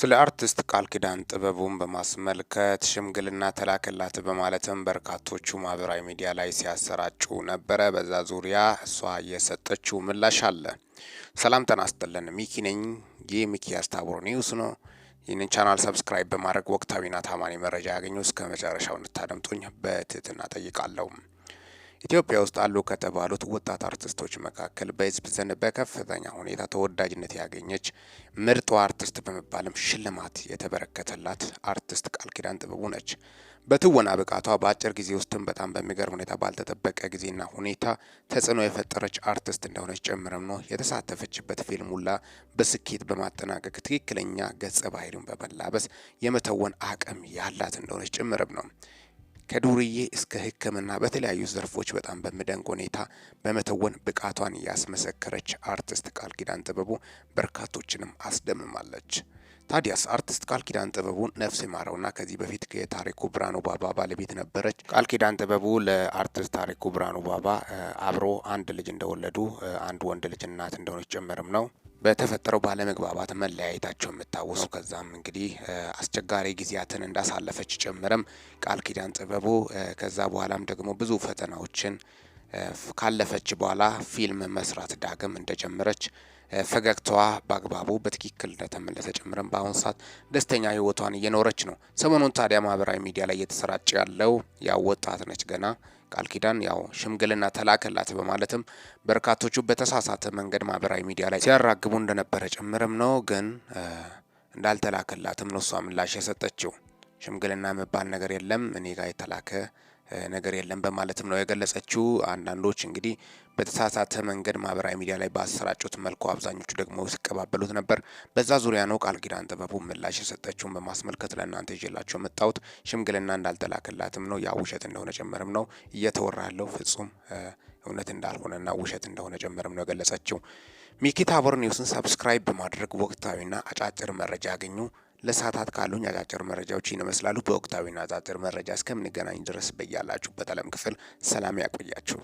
ስለ አርቲስት ቃል ኪዳን ጥበቡን በማስመልከት ሽምግልና ተላከላት በማለትም በርካቶቹ ማህበራዊ ሚዲያ ላይ ሲያሰራጩ ነበረ። በዛ ዙሪያ እሷ የሰጠችው ምላሽ አለ። ሰላም ጤና ይስጥልን። ሚኪ ነኝ። ይህ ሚኪ ታቦር ኒውስ ነው። ይህንን ቻናል ሰብስክራይብ በማድረግ ወቅታዊና ታማኒ መረጃ ያገኙ እስከ መጨረሻው እንድታደምጡኝ በትህትና ጠይቃለሁ። ኢትዮጵያ ውስጥ አሉ ከተባሉት ወጣት አርቲስቶች መካከል በህዝብ ዘንድ በከፍተኛ ሁኔታ ተወዳጅነት ያገኘች ምርጧ አርቲስት በመባልም ሽልማት የተበረከተላት አርቲስት ቃል ኪዳን ጥበቡ ነች። በትወና ብቃቷ በአጭር ጊዜ ውስጥም በጣም በሚገርም ሁኔታ ባልተጠበቀ ጊዜና ሁኔታ ተጽዕኖ የፈጠረች አርቲስት እንደሆነች ጨምረም ነው የተሳተፈችበት ፊልም ሁላ በስኬት በማጠናቀቅ ትክክለኛ ገጸ ባህሪውን በመላበስ የመተወን አቅም ያላት እንደሆነች ጭምርም ነው። ከዱርዬ እስከ ሕክምና በተለያዩ ዘርፎች በጣም በሚደንቅ ሁኔታ በመተወን ብቃቷን ያስመሰከረች አርቲስት ቃል ኪዳን ጥበቡ በርካቶችንም አስደምማለች። ታዲያስ አርቲስት ቃል ኪዳን ጥበቡ ነፍስ ይማረውና ከዚህ በፊት የታሪኩ ብርሃኑ ባባ ባለቤት ነበረች። ቃል ኪዳን ጥበቡ ለአርቲስት ታሪኩ ብርሃኑ ባባ አብሮ አንድ ልጅ እንደወለዱ አንድ ወንድ ልጅ እናት እንደሆነች ጭምርም ነው። በተፈጠረው ባለመግባባት መለያየታቸው የምታወሱ ከዛም እንግዲህ አስቸጋሪ ጊዜያትን እንዳሳለፈች ጭምርም ቃል ኪዳን ጥበቡ ከዛ በኋላም ደግሞ ብዙ ፈተናዎችን ካለፈች በኋላ ፊልም መስራት ዳግም እንደጀመረች ፈገግታዋ በአግባቡ በትክክል እንደተመለሰ ጭምርም በአሁኑ ሰዓት ደስተኛ ህይወቷን እየኖረች ነው። ሰሞኑን ታዲያ ማህበራዊ ሚዲያ ላይ እየተሰራጨ ያለው ያው ወጣት ነች ገና ቃል ኪዳን ያው ሽምግልና ተላከላት በማለትም በርካቶቹ በተሳሳተ መንገድ ማህበራዊ ሚዲያ ላይ ሲያራግቡ እንደነበረ ጭምርም ነው። ግን እንዳልተላከላትም ነው እሷ ምላሽ የሰጠችው። ሽምግልና የሚባል ነገር የለም እኔ ጋር የተላከ ነገር የለም በማለትም ነው የገለጸችው። አንዳንዶች እንግዲህ በተሳሳተ መንገድ ማህበራዊ ሚዲያ ላይ በአሰራጩት መልኩ አብዛኞቹ ደግሞ ሲቀባበሉት ነበር። በዛ ዙሪያ ነው ቃል ኪዳን ጥበቡ ምላሽ የሰጠችውን በማስመልከት ለእናንተ ይዤላቸው መጣሁት። ሽምግልና እንዳልተላከላትም ነው ያ ውሸት እንደሆነ ጭምርም ነው እየተወራ ያለው ፍጹም እውነት እንዳልሆነና ውሸት እንደሆነ ጨመርም ነው የገለጸችው። ሚኪ ታቦር ኒውስን ሰብስክራይብ በማድረግ ወቅታዊና አጫጭር መረጃ ያገኙ። ለሰዓታት ካሉኝ አጫጭር መረጃዎችን ይመስላሉ። በወቅታዊና አጫጭር መረጃ እስከምንገናኝ ድረስ በያላችሁበት ዓለም ክፍል ሰላም ያቆያችሁ።